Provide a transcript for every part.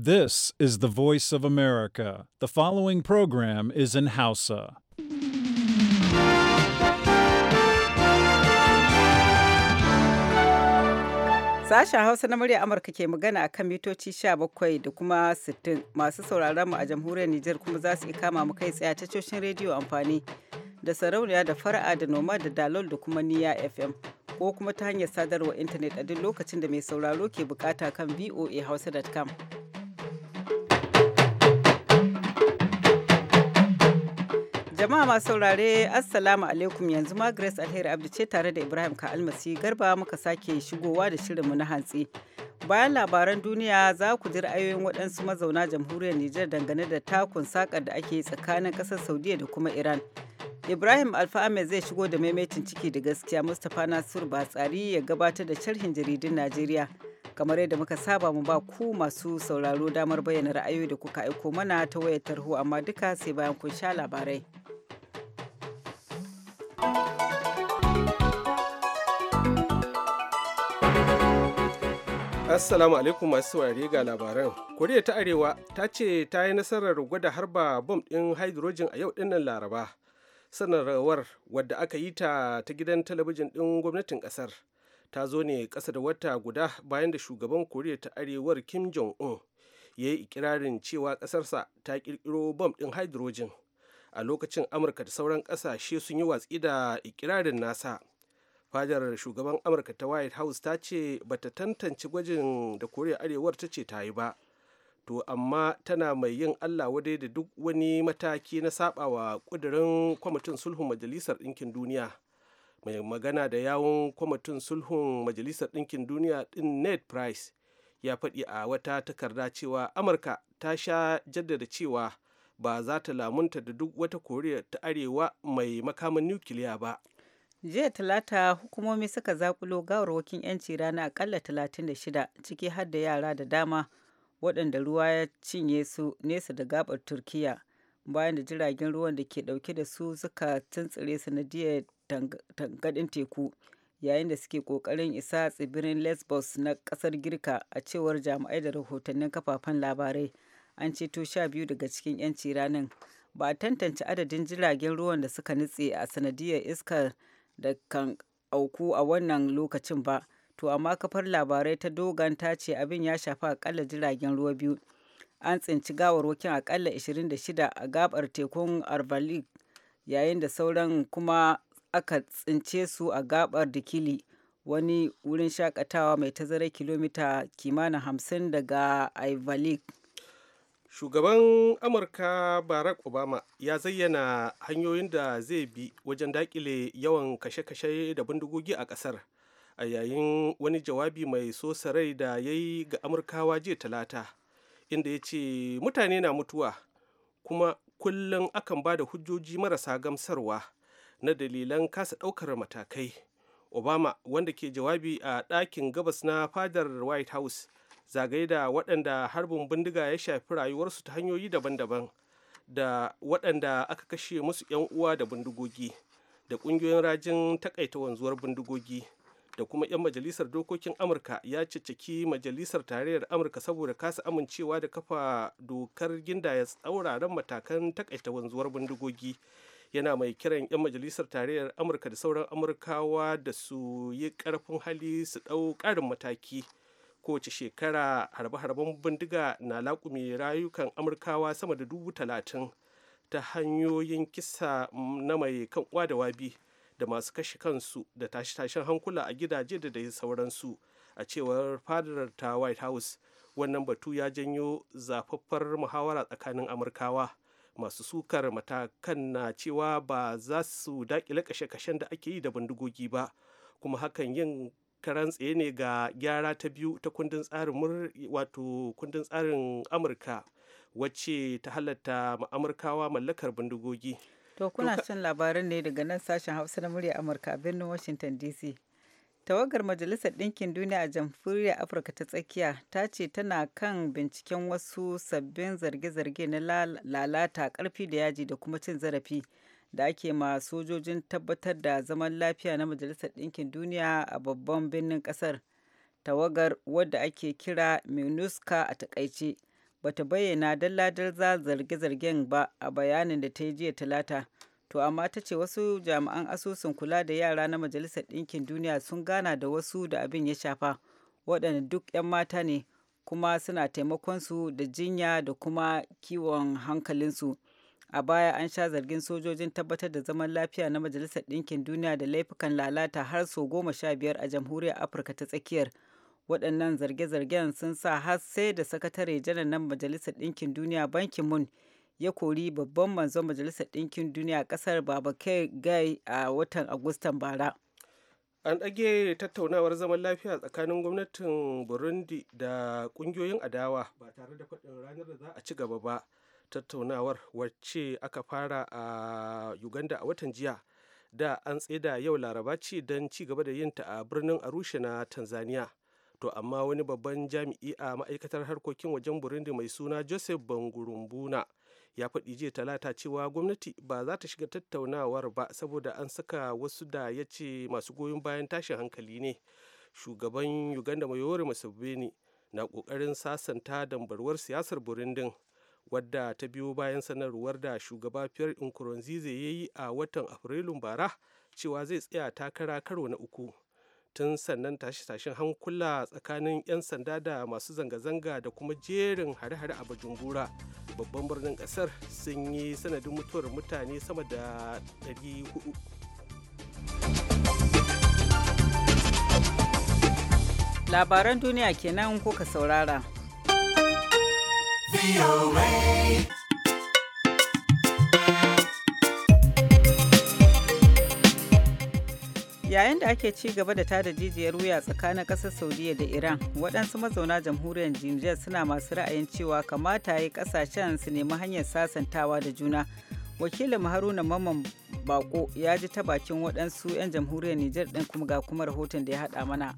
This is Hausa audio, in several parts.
This is the voice of America. The following program is in Hausa. Sashen Hausa na murya Amurka ke magana akan mitoci 17 da kuma 60 masu sauraron mu a jamhuriyar Nijar kuma za su kama mu kai tsaye tashoshin rediyo amfani da sarauniya da fara'a da noma da dalol da kuma niya FM ko kuma ta hanyar sadarwa intanet a duk lokacin da mai sauraro ke bukata kan voahausa.com. Jama'a masu saurare Assalamu alaikum yanzu ma Grace Alheri Abdu ce tare da Ibrahim Ka Almasi Garba muka sake shigowa da shirin mu na hantsi. Bayan labaran duniya za ku ji ra'ayoyin waɗansu mazauna jamhuriyar Nijar dangane da takun sakar da ake tsakanin ƙasar Saudiya da kuma Iran. Ibrahim Alfa zai shigo da maimaitin ciki da gaskiya Mustapha Nasiru tsari ya gabatar da sharhin jaridun Najeriya. kamar yadda muka saba mu ba ku masu sauraro damar bayyana ra'ayoyi da kuka aiko mana ta wayar tarho amma duka sai bayan kun sha labarai. Assalamu alaikum masu saurare ga labaran. Koriya ta Arewa ta ce ta yi nasarar gwada harba bom ɗin hydrogen a yau dinnan Laraba. Sanarwar wadda aka yi ta ta gidan talabijin ɗin gwamnatin ƙasar ta zo ne ƙasa da wata guda bayan da shugaban Koriya ta Arewar Kim Jong-un ya yi ikirarin cewa ƙasarsa ta ƙirƙiro bom ɗin hydrogen. A lokacin Amurka da sauran ƙasashe sun yi watsi da ikirarin nasa. fadar shugaban amurka ta white house ta ce bata tantance gwajin da koriya arewar ta ce ta yi ba to amma tana mai yin allah wadai da duk wani mataki na sabawa kudirin kwamitin sulhun majalisar ɗinkin duniya mai magana da yawun kwamitin sulhun majalisar ɗinkin duniya din net price ya faɗi a wata takarda cewa amurka ta sha jaddada cewa ba za ta lamunta da duk wata koriya ta arewa mai makaman nukiliya ba jiya talata hukumomi suka zakulo gawarwakin 'yanci rana akalla 36 ciki har da yara da dama waɗanda ruwa ya cinye su nesa da gabar turkiya bayan da jiragen ruwan da ke ɗauke da su suka tuntsire sanadiyar tangadin teku yayin da suke ƙoƙarin isa tsibirin lesbos na ƙasar girka a cewar jami'ai da rahotannin kafafen labarai an ceto sha biyu daga cikin 'yanci ranar ba a tantance adadin jiragen ruwan da suka nutse a sanadiyar iskar da kan auku a wannan lokacin ba to amma kafar labarai ta dogon ta ce abin ya shafi akalla jiragen ruwa biyu an tsinci gawarwakin akalla 26 a gabar tekun arbalik yayin da sauran kuma aka tsince su a gabar dikili wani wurin shakatawa mai tazara kilomita kimanin 50 daga ivalik shugaban amurka barack obama ya zayyana hanyoyin da zai bi wajen dakile yawan kashe-kashe da bindigogi a kasar a yayin wani jawabi mai sosa rai da ya yi ga amurkawa jiya talata inda ya ce mutane na mutuwa kuma kullum akan ba da hujjoji marasa gamsarwa na dalilan kasa ɗaukar matakai obama wanda ke jawabi a ɗakin gabas na fadar white house zagaye da waɗanda harbin bindiga ya shafi rayuwarsu ta hanyoyi daban-daban da waɗanda aka kashe musu 'yan uwa da bindigogi da ƙungiyoyin rajin takaita wanzuwar bindigogi da kuma 'yan majalisar dokokin amurka ya cicciki majalisar tarayyar amurka saboda kasa amincewa da kafa dokar gindaya tsauraran matakan takaita wanzuwar bindigogi yana mai kiran 'yan majalisar tarayyar amurka da sauran amurkawa da su yi karfin hali su ɗau ƙarin mataki kowace shekara harbe-harben bindiga na lakumi rayukan amurkawa sama da dubu talatin ta hanyoyin kisa na mai kan da wabi da masu kashe kansu da tashe-tashen hankula a gidaje da dai sauransu a cewar fadar ta white house wannan batu ya janyo zafaffar muhawara tsakanin amurkawa masu sukar matakan na cewa ba za su daƙile kashe-kashen da ake yi da bindigogi ba kuma hakan yin karan tsaye ne ga gyara ta biyu ta kundin tsarin wato kundin tsarin amurka wacce ta halatta amurkawa mallakar bindigogi to kuna cin labarin ne daga nan sashen hausa na murya amurka a birnin washington dc tawagar majalisar ɗinkin duniya a jamhuriyar afirka ta tsakiya ta ce tana kan binciken wasu sabbin zarge-zarge na lalata karfi da yaji da kuma cin zarafi da ake ma sojojin tabbatar da zaman lafiya na majalisar ɗinkin duniya a babban birnin ƙasar tawagar wadda ake kira minuska a takaice bata bayyana dalla za zarge-zargen ba a bayanin da ta yi jiya talata to amma ta ce wasu jami'an asusun kula da yara na majalisar ɗinkin duniya sun gana da wasu da abin ya shafa waɗanda duk 'yan mata ne kuma suna taimakonsu da jinya da kuma kiwon hankalinsu a baya an sha zargin sojojin tabbatar da zaman lafiya na majalisar ɗinkin duniya da laifukan lalata har sau goma sha biyar a jamhuriyar afirka ta tsakiyar waɗannan zarge-zargen sun sa har sai da sakatare janar na majalisar ɗinkin duniya bankin mun ya kori babban manzon majalisar ɗinkin duniya ƙasar babakai gai a watan agustan bara an ɗage tattaunawar zaman lafiya tsakanin gwamnatin burundi da ƙungiyoyin adawa ba tare da faɗin ranar da za a ci gaba ba tattaunawar wacce aka fara a uganda a watan jiya da an tsida yau laraba ce don ci gaba da yinta a birnin arusha na tanzania to amma wani babban jami'i a ma'aikatar harkokin wajen burundi mai suna joseph bangurumbuna ya faɗi jiya talata cewa gwamnati ba za ta shiga tattaunawar ba saboda an saka wasu da ya ce masu goyon bayan tashin hankali ne shugaban uganda mayori museveni na ƙoƙarin sasanta dambarwar siyasar burundin wadda ta biyo bayan sanarwar da shugaba Pierre Nkurunziza ya yi a watan Afrilun bara cewa zai tsaya takara karo na uku. Tun sannan tashe-tashen hankula tsakanin 'yan sanda da masu zanga-zanga da kuma jerin hare-hare a Bujumbura babban birnin kasar sun yi sanadin mutuwar mutane sama da 400. Labaran duniya kenan kuka saurara. yayin da ake ci gaba da tada jijiyar wuya tsakanin ƙasar saudiya da iran waɗansu mazauna jamhuriyar niger suna masu ra'ayin cewa kamata ya yi ƙasashen su nemi hanyar sasantawa da juna wakilin haruna mamman bako ya ji ta bakin waɗansu 'yan jamhuriyar nijar ɗin kuma ga kuma rahoton da ya haɗa mana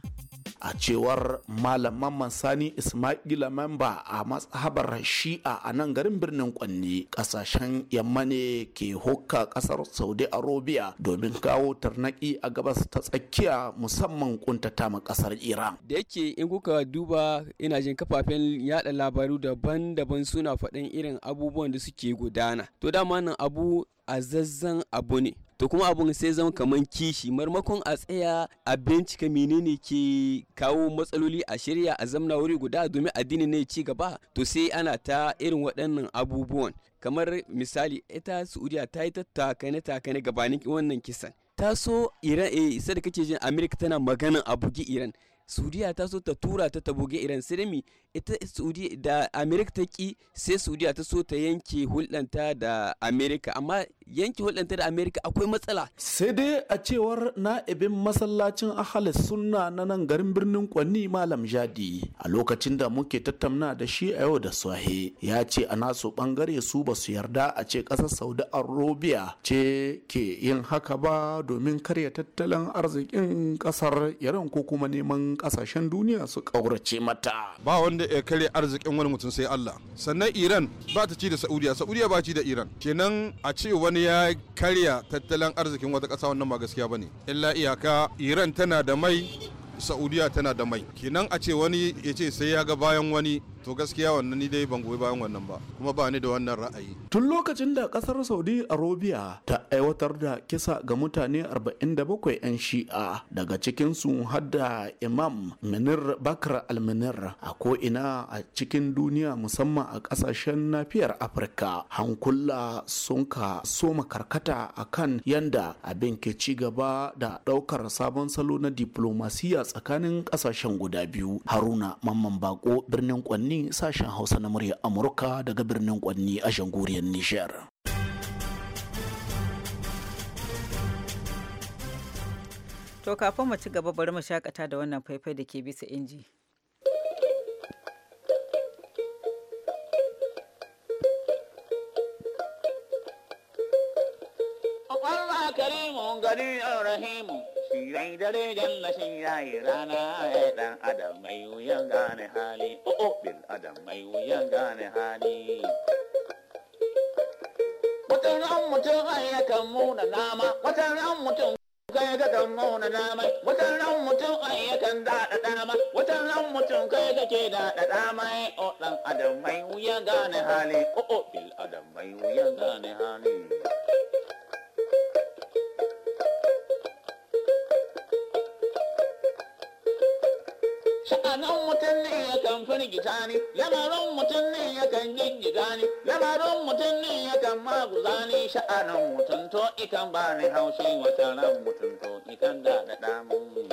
a cewar malaman Sani Ismaila Mamba a matsahabar Shi'a a nan garin birnin kwanne kasashen yamma ne ke hukka kasar Saudi Arabia domin kawo tarnaki a gabas ta tsakiya musamman kuntata ma kasar Iran. Da yake in kuka duba ina jin kafafen yada labaru daban-daban suna faɗin irin abubuwan da suke gudana. To dama nan abu a zazzan abu ne to kuma abun sai zama kaman kishi marmakon a tsaya a bincika menene ke kawo matsaloli a shirya a zamna wuri guda domin addini ne ci gaba to sai ana ta irin waɗannan abubuwan kamar misali ita su'udiya ta yi tattakane takane gabanin wannan kisan ta so iran eh sai da kake jin america tana maganan a bugi iran saudiya ta so ta tura ta ta buge iran sirmi ita saudiya da america ta ki sai saudiya ta so ta yanke hulɗanta da america amma yanki hulɗanta da amerika akwai matsala sai dai a cewar na ibin masallacin ahalis sunna na nan garin birnin kwanni malam jadi a lokacin da muke tattauna da shi a yau da swahe ya ce a nasu bangare su ba su yarda a ce ƙasar saudi arabia ce ke yin haka ba domin karya tattalin arzikin ƙasar iran ko kuma neman ƙasashen duniya su ƙaurace mata ba wanda ya karya arzikin wani mutum sai allah sannan iran ba ta ci da saudiya saudiya ba ci da iran kenan a ce wani ya karya tattalin arzikin wata ƙasa wannan ba gaskiya ba ne illa iyaka iran tana da mai saudiya tana da mai kenan a ce wani ya ce sai ya ga bayan wani to gaskiya wannan ni dai ban goyi bayan wannan ba kuma ba ni da wannan ra'ayi tun lokacin da kasar saudi arabia ta aiwatar da kisa ga mutane 47 'yan shi'a daga cikin cikinsu hadda imam minir bakar alminir a ko'ina a cikin duniya musamman a kasashen nafiyar afirka hankula sun ka soma karkata a kan yanda abin ke ci gaba da daukar sabon salo na diplomasiya tsakanin kasashen guda biyu haruna mamman bako birnin kwanni sashen Hausa na murya Amurka daga birnin Kwanni a shanguriyar Nijar. To kafin mu ci gaba bari mu shakata da wannan faifai da ke bisa inji. Allah karimun gari rahimu zai dare jalla shi yayi rana ya dan adam mai wuyan gane hali o'o bin adam mai wuyan gane hali watan ran mutum ai kan muna nama watan ran mutum kai ga kan muna nama watan ran mutum ai kan daɗa dama watan ran mutum kai ga ke daɗa dama o oh, dan adam mai wuyan gane hali o'o bil adam mai wuyan gane hali gita ni lamarin mutum ne yakan gingiga ni lamarin mutum ne yakan maguza ni sha'anin mutum to ikan ba ni haushi wata ran mutum to ikan da da damun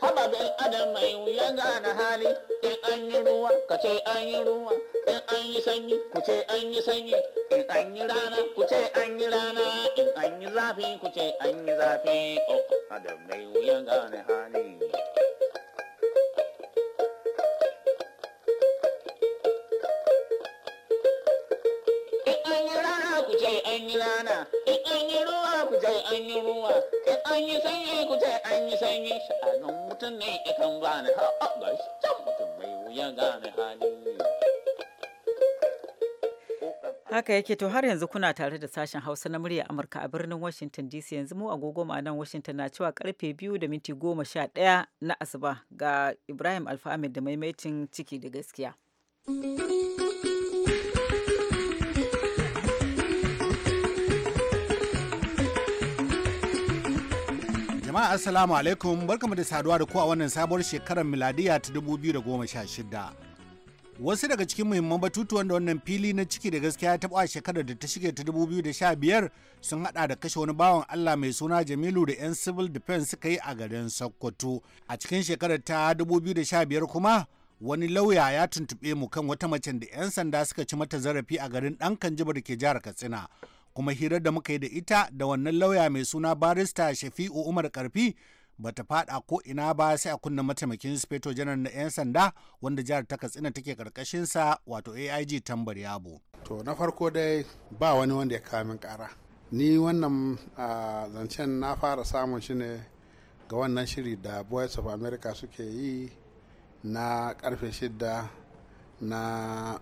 Hababin adam mai wuya gane hali in an yi ruwa ka ce an yi ruwa in an yi sanyi ku ce an yi sanyi in an yi rana ku ce an yi rana in an yi zafi ku ce an yi zafi oh adam mai wuyan gane hali in an yi rana ku ce an yi rana in an yi ruwa ku ce an yi ruwa in an yi sanyi ku ce an yi sanyi sha'anin mutum ne ikan ha, ha'a ga shi can mutum mai wuyan gane hali Haka yake to har yanzu kuna tare da sashen Hausa na murya Amurka a birnin Washington DC yanzu mu agogo nan Washington na cewa karfe biyu da minti goma sha ɗaya na asuba ga Ibrahim Alfahamid da maimaitin ciki da gaskiya. jama'a assalamu alaikum barkamu da saduwa da ku wannan sabuwar shekarar miladiya ta 2016 wasu daga cikin muhimman batutuwan da wannan fili na ciki da gaskiya ya taɓa shekarar da ta shige ta 2015 sun hada da kashe wani bawan Allah mai suna Jamilu da 'yan civil defense suka yi a garin Sokoto. A cikin shekarar ta 2015 kuma wani lauya ya tuntuɓe mu kan wata mace da 'yan sanda suka ci mata zarafi a garin ɗan Kanjiba ke jihar Katsina. Kuma hirar da muka yi da ita da wannan lauya mai suna barista Shafi'u Umar Karfi bata fada ko ina ba sai a kunna mataimakin speto janar na 'yan sanda wanda jihar ta katsina take karkashin sa wato aig tambar yabo to na farko dai ba wani wanda ya kawo min kara ni wannan zancen na fara samun shi ne ga wannan shiri da boys of america suke yi na karfe shida na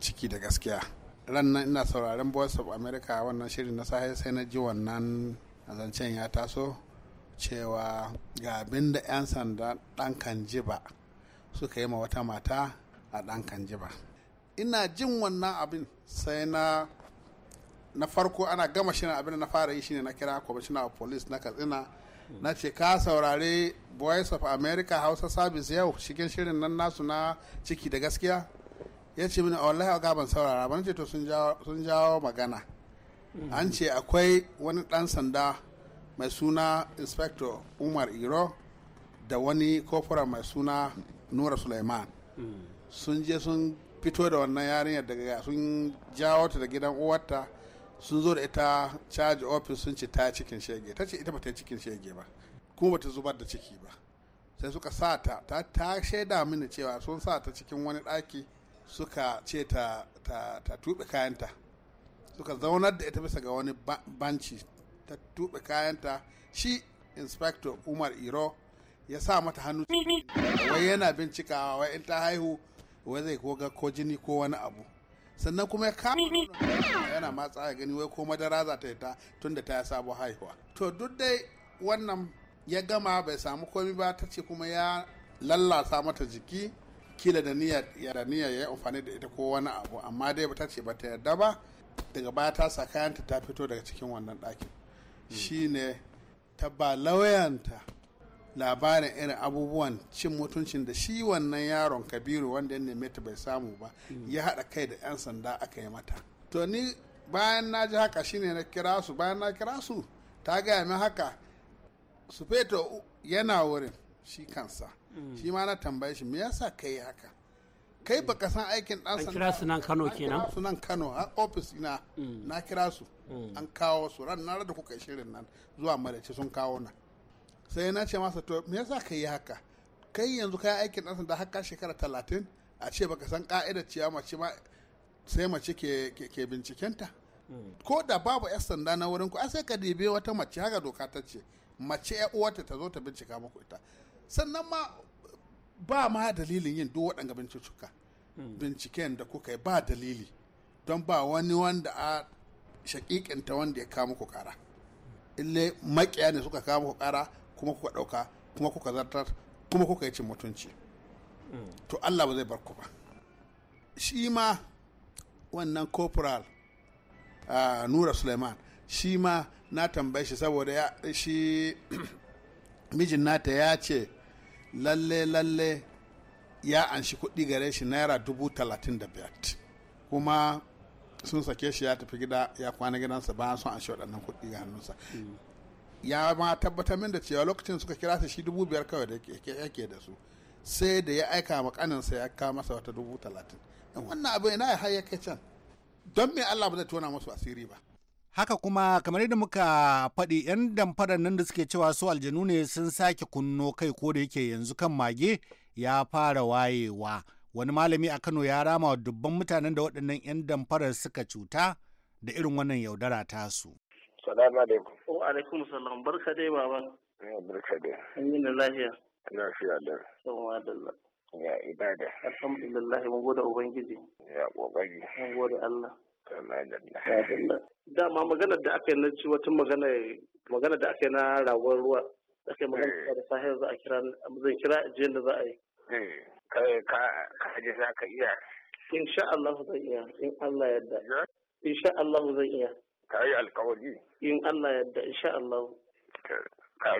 ciki da gaskiya rannan ina sauraren boys of america wannan shiri na sahi sai na ji wannan zancen ya taso cewa ga abin da 'yan sanda ɗan kan jiba suka yi ma wata mata a ɗan kan jiba ina jin wannan abin sai na na farko ana gama shi abin da na fara yi shine na kira commissioner of police na katsina na ce ka saurari voice of america hausa service yau cikin shirin nan nasu na ciki da gaskiya ya ce mini wallahi ga ban saurara ba ce to sun jawo magana an ce akwai wani dan sanda mai suna inspector umar iro da wani kofura mai suna nura suleiman sun je sun fito da wannan yarinyar daga sun jawo ta da gidan uwarta sun zo da ita charge office sun ce ta cikin shege ta ce ita bata cikin shege ba kuma bata zubar da ciki ba sai suka sa ta ta, ta shaida mini cewa sun sa ta cikin wani daki suka ce ta, ta, tuɓe kayanta suka zaunar da ita bisa ga wani banci ta tuɓe kayanta shi inspector umar iro ya sa mata hannu wai yana bincikawa wai in ta haihu wai zai koga ko jini ko wani abu sannan kuma ya kama yana matsa ya gani wai ko madara za ta yi ta tun da ta ya sabo haihuwa to duk dai wannan ya gama bai samu komi ba ta ce kuma ya lallasa mata jiki kila da niyya ya niyya amfani da ita ko wani abu amma dai ba ta ce ba ta yarda ba daga baya ta sa kayanta ta fito daga cikin wannan ɗakin shine ta ba lauyanta labarin irin abubuwan cin mutuncin da shi wannan yaron kabiru wanda ya neme ta bai samu ba mm. ya haɗa kai da 'yan sanda aka yi mata to ni bayan na ji haka shine na kira su bayan na kira su ta gaya min haka su feto yana wurin shi kansa mm. shi ma na tambaye shi me yasa ka haka kai baka san aikin dan sanda kira su nan Kano kenan su nan Kano a office na. Mm. na kira su mm. an kawo su ran na da kuka shirin nan zuwa madace sun kawo na sai na ce masa to me yasa kai haka kai yanzu kai aikin dan sanda har shekara 30 a ce baka san ka'idar ciya mace ma sai mace ke ke bincikenta mm. ko da babu yan sanda na wurin ku a sai ka dibe wata mace haka doka ta ce mace ya uwata ta zo ta bincika muku ita sannan ma ba ma dalilin yin duk waɗanga bincicuka hmm. binciken da kuka yi ba dalili don ba wani wanda a shakikinta wanda ya kama ku kara ille makiya ne suka kama ku kara kuma kuka ɗauka kuma kuka zartar kuma kuka yi cin mutunci hmm. to allah ba zai bar ku ba shi ma wannan corporal nura suleiman shi ma na tambaye shi saboda ya shi mijin nata ya ce lalle lalle ya anshi kuɗi gare shi naira dubu talatin da biyar kuma sun sake shi ya tafi gida ya kwana gidansa bayan sun anshi waɗannan kuɗi ga hannunsa ya ma tabbatar min da cewa lokacin suka kira su shi dubu biyar kawai da yake da su sai da ya aika wa kaninsa ya kawo masa wata dubu talatin wannan abu ina ya kai can don me allah ba zai tona masu asiri ba haka kuma kamar yadda muka faɗi 'yan damfarar nan da suke cewa su aljanu ne sun sake kunno kai ko da yake yanzu kan mage ya fara wayewa wani malami a kano ya rama wa dubban mutanen da waɗannan 'yan damfarar suka cuta da irin wannan yaudara tasu. salamu alaikum wa alaikum salam barka dai eh, barka dai an yi na lafiya da da ya ibada alhamdulillah mun gode ubangiji ya ƙoƙari. mun gode allah dama magana da aka yi na ci wata magana da aka yi na rawar ruwa aka yi magana eh. da sahiyar za a kira zan kira ajiyar da za a yi eh, ka je za ka iya sha Allah zan iya in Allah yadda sha Allah zan iya ka yi alkawari in Allah yadda sha Allah ka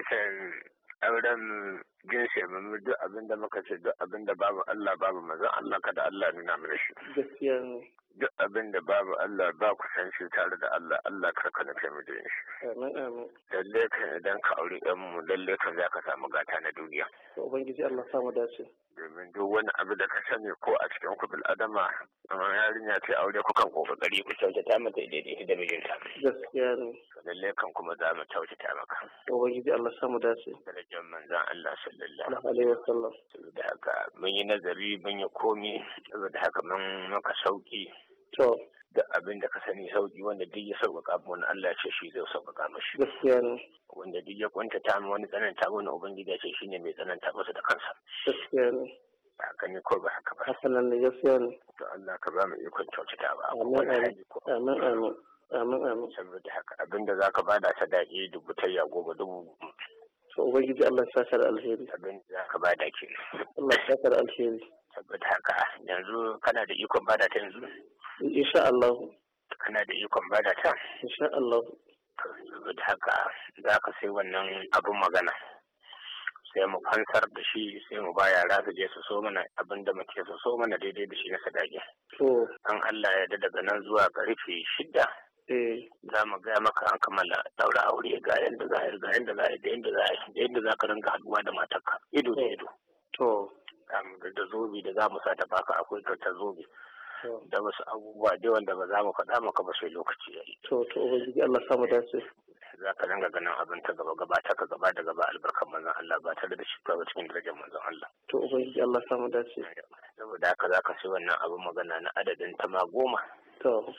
auren jinsi mai duk abinda da muka ce duk abinda babu Allah babu manzon Allah kada Allah nuna mana shi gaskiya ne duk abin da babu Allah ba ku san shi tare da Allah Allah ka ka nufe mu da shi lalle kan idan ka aure ɗan mu lalle kan za ka samu gata na duniya to ubangiji Allah sa mu dace domin duk wani abu da ka sani ko a cikin ku bil adama amma yarinya ce aure ku kan kokari ku ta mata daidai da ta. gaskiya ne lalle kan kuma za mu kyautata maka to ubangiji Allah sa mu dace darajar manzon Allah sallallahu alaihi wasallam da haka mun yi nazari mun yi komi saboda haka mun maka sauki to da abin da ka sani sauki wanda duk ya sauƙaƙa wani Allah ce shi zai sauƙaƙa mashi. Gaskiya ne. Wanda duk ya kwantata mu wani tsananta wani ubangiji ce shine mai tsananta masa da kansa. Gaskiya ne. Ba haka ne ko ba haka ba. Hasanan ne gaskiya ne. To Allah ka ba mu ikon kyautata ba. Amin amin. Amin amin. Amin amin. Saboda haka abin da za ka bada ta daɗi dubu tayya goma dubu. To ubangiji Allah ya sa alheri. Abin da za ka bada ke. Allah ya sa alheri. Saboda haka yanzu kana da ikon bada ta yanzu. insha Allah kana da ikon bada ta insha Allah da haka za ka sai wannan abun magana sai mu fansar da shi sai mu ba yara su je su so mana abin da muke su so mana daidai da shi na sadaki to an Allah ya daga nan zuwa karfe shida eh. za mu gaya maka an kammala daura aure ga yadda za a ga yadda za a da yadda za a da yadda za ka ringa haduwa da matarka ido da ido to da zobe da za mu sa ta baka akwai ta zobe da wasu abubuwa da wanda ba za mu faɗa maka ba sai lokaci yi. to to ubangiji Allah samu dace za ka dinga ganin abin ta gaba gaba ta ka gaba da gaba albarkar manzon Allah ba tare da shi ba cikin darajar manzon Allah to ubangiji Allah samu dace saboda haka za ka sai wannan abin magana na adadin ta ma goma to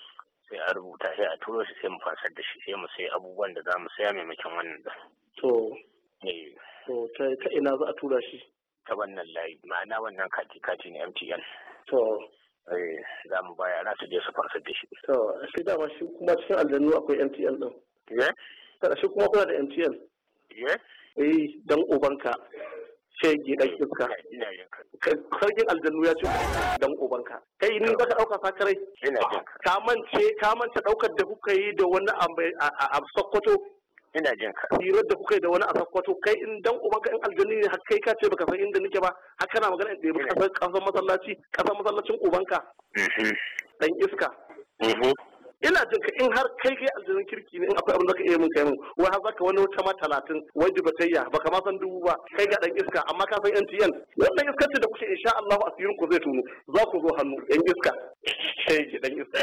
sai a rubuta sai a turo shi sai mu fasar da shi sai mu sai abubuwan da za mu saya maimakon wannan da to eh. to ta ina za a tura shi ta wannan layi ma'ana wannan kati kati ne MTN to Eh, za mu baya na su je su fansar da shi. To shi dama shi kuma cikin aljannu akwai MTN ɗin. Ye? Eh? Kada shi kuma kuna da MTN. Ye? Eh? eh dan ubanka. Shege dan iska. Sarkin aljannu ya ce dan ubanka. Kai ni baka ɗauka fatarai. Ina jin. Ka mance ka mance ɗaukar da kuka yi da wani a Sokoto. ina jin ka hirar da kuka yi da wani a sakwato kai in dan ubanka in aljani ne har kai ka ce baka san inda nake ba har kana magana da ba kasar masallaci kasar masallacin ubanka mhm. dan iska mhm. ina jin ka in har kai kai aljihun kirki ne in akwai abin da ka iya mun kai mun wai har zaka wani wata ma talatin wai dubatayya baka ma san dubu ba kai ga dan iska amma ka san NTN wannan iskar ce da kuke insha Allah asirin ku zai tuno za ku zo hannu yan iska kai dan iska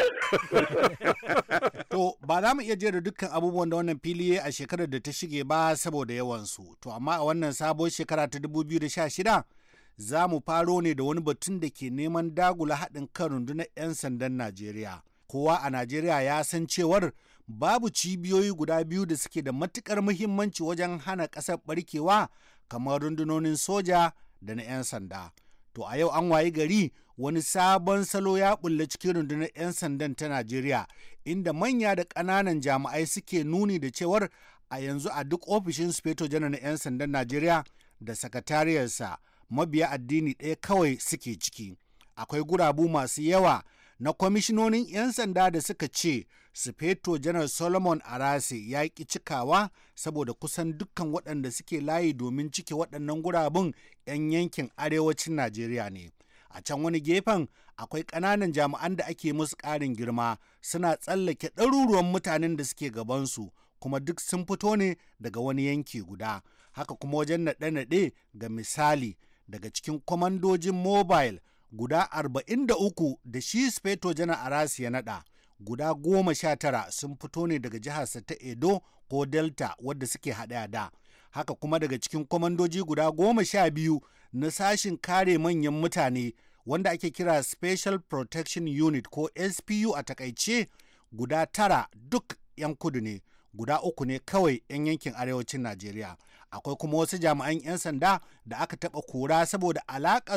to ba za mu iya jera dukkan abubuwan da wannan fili a shekarar da ta shige ba saboda yawan su to amma a wannan sabon shekara ta 2016 za mu faro ne da wani batun da ke neman dagula haɗin kan rundunar 'yan sandan Najeriya. kowa a najeriya ya san cewar babu cibiyoyi guda biyu da suke da matukar muhimmanci wajen hana ƙasar barkewa kamar rundunonin soja da na 'yan sanda to a yau an wayi gari wani sabon salo ya bulla cikin rundunar 'yan sandan ta najeriya inda manya da ƙananan jami'ai suke nuni da cewar a yanzu a duk ofishin speto janar na 'yan sandan najeriya da sakatariyarsa mabiya addini ɗaya kawai suke ciki akwai gurabu masu yawa na kwamishinonin 'yan sanda da suka ce sufeto janar solomon arase ya ƙi cikawa saboda kusan dukkan waɗanda suke layi domin cike waɗannan gurabun 'yan yankin arewacin najeriya ne a can wani gefen akwai ƙananan jami'an da ake musu ƙarin girma suna tsallake ɗaruruwan mutanen da suke gabansu kuma duk sun fito ne daga wani yanki guda haka kuma wajen naɗe-naɗe ga misali daga cikin kwamandojin mobile guda 43 da shi speto jana arasi ya nada guda goma sha tara sun fito ne daga jiharsa ta edo ko delta wadda suke haɗa da haka kuma daga cikin kwamandoji guda goma sha biyu na sashin kare manyan mutane wanda ake kira special protection unit ko spu a takaice guda tara duk 'yan kudu ne guda uku ne kawai 'yan yankin arewacin najeriya akwai kuma wasu jami'an 'yan sanda da aka taɓa kura saboda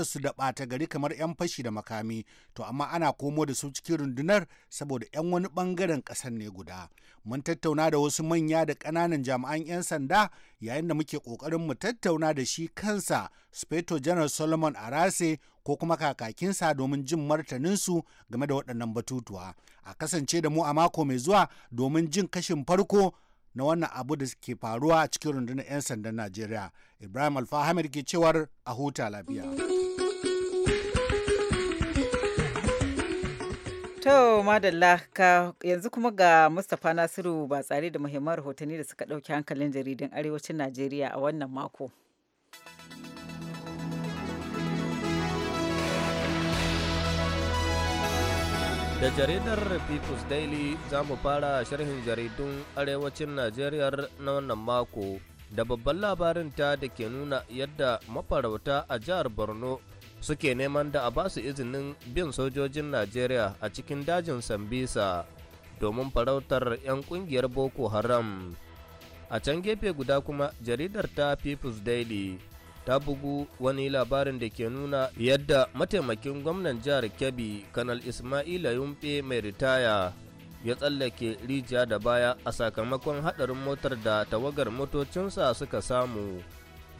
su da ɓata gari kamar 'yan fashi da makami to amma ana komo da su cikin rundunar saboda 'yan wani ɓangaren ƙasar ne guda mun tattauna da wasu manya da ƙananan jami'an 'yan sanda yayin da muke ƙoƙarin mu tattauna da shi kansa speto general solomon arase ko kuma kakakinsa domin jin martaninsu game da waɗannan batutuwa a kasance da mu a mako mai zuwa domin jin kashin farko na wannan abu da ke faruwa a cikin rundunar 'yan sandan Najeriya. Ibrahim Alfahamir ke cewar a huta lafiya. To madalla ka yanzu kuma ga Mustapha Nasiru ba tsare da muhimman rahotanni da suka ɗauki hankalin jaridun arewacin Najeriya a wannan mako. Da jaridar People's Daily za mu fara sharhin jaridun arewacin Najeriya na wannan mako da babban labarin ta da ke nuna yadda mafarauta a jihar Borno suke neman da a ba su izinin bin sojojin Najeriya a cikin dajin Sambisa domin farautar 'yan kungiyar Boko Haram. A can gefe guda kuma jaridar ta People's Daily ta bugu wani labarin da ke nuna yadda mataimakin gwamnan jihar kebbi kanal ismaila yumbe mai ritaya ya tsallake rijiya da baya a sakamakon hadarin motar da tawagar motocinsa suka samu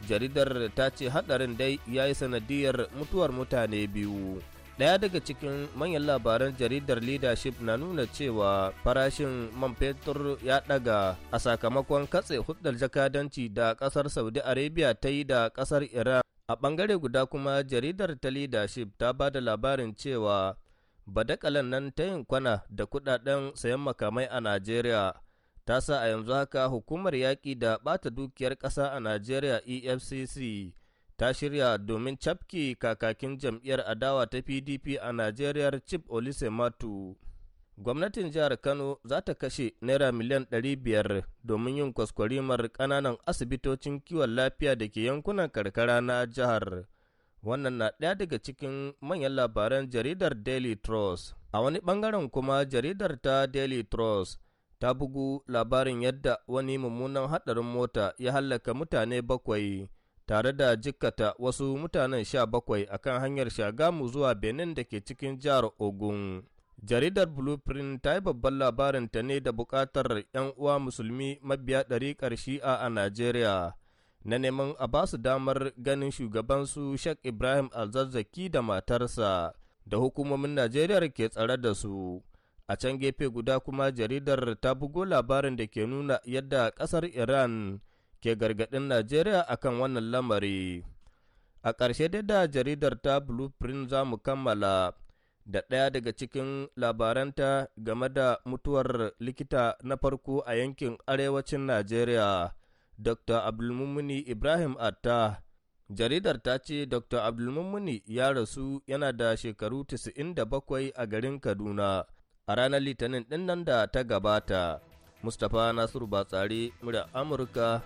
jaridar ta ce hadarin dai ya yi sanadiyar mutuwar mutane biyu Daya daga cikin manyan labaran jaridar leadership na nuna cewa farashin man fetur ya daga a sakamakon katse hudar jakadanci da kasar Saudi Arabia ta yi da kasar Iran. A bangare guda kuma jaridar ta leadership ta ba da labarin cewa badakalan nan ta yin kwana da kudaden sayan makamai a Najeriya. ta sa a yanzu haka hukumar yaƙi da ɓata dukiyar ƙasa a Najeriya EFCC ta shirya domin cafke kakakin jam'iyyar adawa ta PDP a Najeriya Chip Olise Matu. Gwamnatin jihar Kano za ta kashe Naira miliyan 500 domin yin kwaskwarimar kananan asibitocin kiwon lafiya da ke yankunan karkara na jihar. Wannan na ɗaya daga cikin manyan labaran jaridar Daily Trust. A wani ɓangaren kuma jaridar ta Daily Trust ta bugu labarin yadda wani mummunan haɗarin mota ya hallaka mutane bakwai. tare da jikkata wasu mutanen sha bakwai a kan hanyar Shagamu zuwa Benin da ke cikin jihar Ogun. Jaridar Blueprint ta yi babban labarin ta ne da bukatar 'yan uwa musulmi mabiya dari shi'a a nigeria na neman a ba su damar ganin shugaban su Sheikh Ibrahim Alzazzaki da matarsa da hukumomin nigeria ke tsare da su. A can gefe guda kuma jaridar ta bugo labarin da ke nuna yadda ƙasar Iran ke gargaɗin Najeriya akan wannan lamari. A ƙarshe dai da jaridar ta Blueprint za mu kammala da ɗaya daga cikin labaranta game da mutuwar likita na farko a yankin arewacin Najeriya, Dr. Abdulmumuni Ibrahim Atta. Jaridar ta ce Dr. Abdulmumuni ya rasu yana da shekaru 97 a garin Kaduna a ranar Litinin ɗin nan da ta gabata. Mustapha Nasiru Batsari, murya Amurka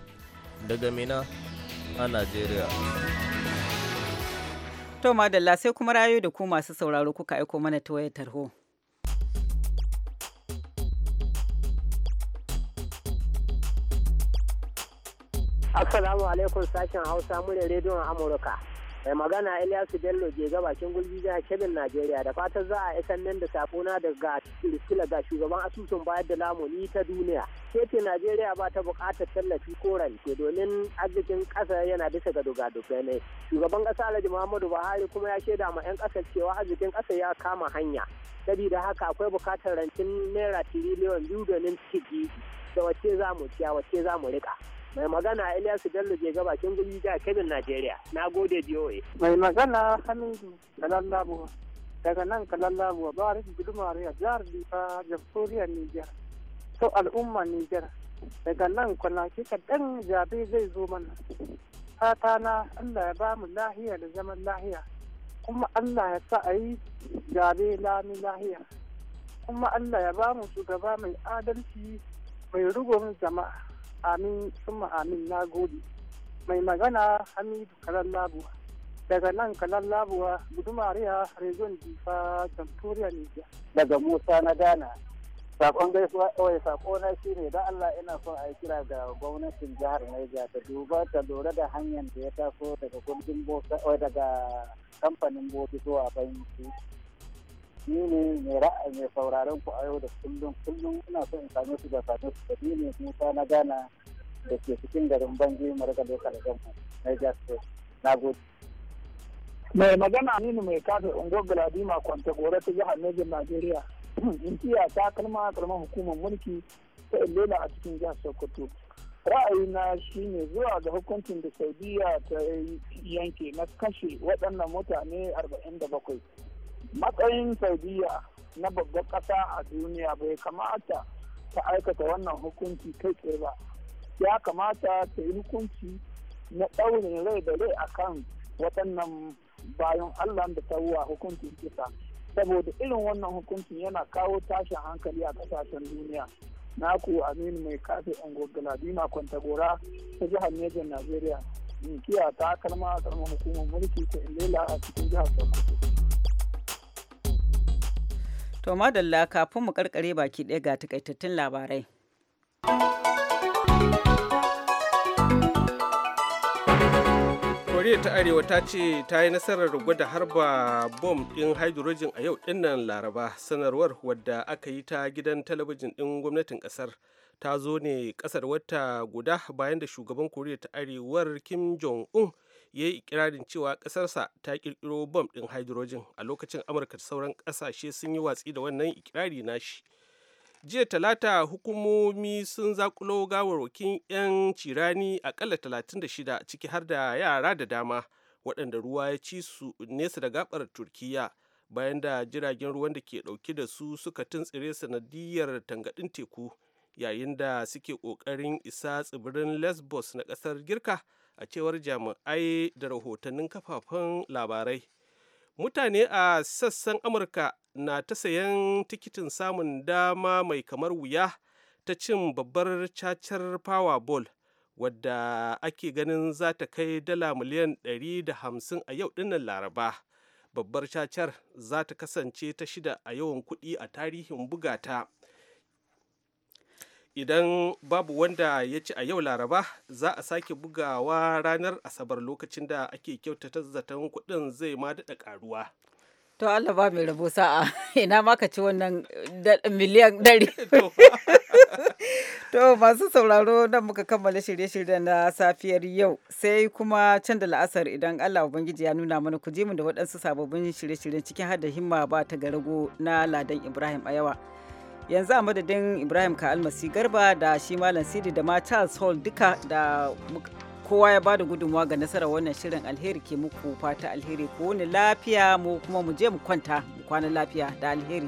daga Mina a Najeriya. To madalla sai kuma rayu da ku masu sauraro kuka aiko mana ta wayar tarho. Assalamu alaikum sashen Hausa murya rediyon Amurka. mai magana Ilyasu Bello ke gabashin bakin gulbi jihar Kebbi Najeriya da fatan za a isar sannan da sakona daga Silsila ga shugaban asusun bayar da lamuni ta duniya. Keke Najeriya ba ta buƙatar tallafi ko rance domin arzikin ƙasa yana bisa ga dogadogai ne. Shugaban ƙasa Alhaji Muhammadu Buhari kuma ya shaida ma 'yan ƙasar cewa arzikin ƙasa ya kama hanya. Sabida haka akwai buƙatar rancin naira tiriliyon biyu domin ciki da wacce za mu ciya wacce za mu riƙa. mai magana Ilyasu Bello je ga bakin guri da Kebin Najeriya na gode DOA. mai magana Hamidu lallabuwa, daga nan Kalallabuwa ba rikin gudumare a jihar Lifa jamhuriyar Nijar To al'umma Nijar daga nan kwana kika Dan jabe zai zo mana fata na Allah ya ba mu lahiya da zaman lahiya kuma Allah ya sa a yi jabe lami lahiya kuma Allah ya ba mu shugaba mai adalci mai rugun jama'a amin summa amin na gode mai magana hamidu labuwa daga nan kalallabuwa gudumariya region difa jamhuriyar nijar daga musa na dana sakon gaisuwa kawai sako na shi ne da Allah ina son a yi kira ga gwamnatin jihar Niger ta duba ta lura da hanyar da ya taso daga kundin daga kamfanin boki zuwa banki ni ne mai ra'ayi mai sauraron ku a yau da kullum kullum ina so in same su da same su da ni ne musa na gana da ke cikin garin banji marga lokal gamma na na gode. mai magana ne mai kafin unguwar ma kwanta gora ta jihar nejin Najeriya intiya ta kalma kalma hukumar mulki ta illela a cikin jihar Sokoto ra'ayina shine zuwa ga hukuncin da Saudiya ta yanke na kashe waɗannan mutane arba'in da bakwai. matsayin saudiya na babban ƙasa a duniya bai kamata ta aikata wannan hukunci kai tsaye ba ya kamata ta yi hukunci na ɗaurin rai da rai akan waɗannan bayan allah da tawuwa hukuncin kisa saboda irin wannan hukuncin yana kawo tashin hankali a ƙasashen duniya na ku aminu mai kafe kwanta kwantagora ta jihar nejan najeriya inkiya ta kalma karamar hukumar mulki ta ilela a cikin jihar sokoto To madalla kafin mu karkare baki ɗaya ga takaitattun labarai. Koriya ta Arewa ta ce ta yi nasarar gwada harba bom ɗin hydrogen a yau ɗinnan Laraba sanarwar wadda aka yi ta gidan talabijin ɗin gwamnatin ƙasar. ta zo ne ƙasar wata guda bayan da shugaban koriya ta arewar kim jong-un ya yi ikirarin cewa ƙasarsa ta ƙirƙiro bom ɗin hydrogen a lokacin amurka da sauran ƙasashe sun yi watsi da wannan ikirari nashi jiya talata hukumomi sun zakulo gawarwakin 'yan cirani akalla 36 ciki har da yara da dama waɗanda ruwa ya ci su nesa da gabar turkiya bayan da jiragen ruwan da ke ɗauke da su suka tuntsire sanadiyar tangaɗin teku yayin da suke ƙoƙarin isa tsibirin lesbos na ƙasar girka a cewar jami'ai da rahotannin kafafen labarai mutane a sassan amurka na ta sayan tikitin samun dama mai kamar wuya ta cin babbar cacar powerball wadda ake ganin za ta kai dala miliyan 150 a yau dinnan laraba babbar cacar za ta kasance ta shida a yawan kuɗi a tarihin bugata idan babu wanda ya ci a yau laraba za a sake bugawa ranar asabar lokacin da ake kyautata zaton kuɗin zai ma daɗa ƙaruwa to allah ba mai rabo sa'a ina ma ka ci wannan miliyan ɗari to masu sauraro nan muka kammala shirye shirye na safiyar yau sai kuma can da la'asar idan allah ubangiji ya nuna mana ku je mu da waɗansu sababbin shirye-shiryen cikin hada himma ba ta garago na ladan ibrahim a yawa yanzu a madadin ibrahim ka almasi garba da shi malam sidi da ma charles hall duka da kowa ya bada gudunmawa ga nasarar wannan shirin alheri ke muku fata alheri ko wani lafiya mu kuma mu je mu kwanta mu kwana lafiya da alheri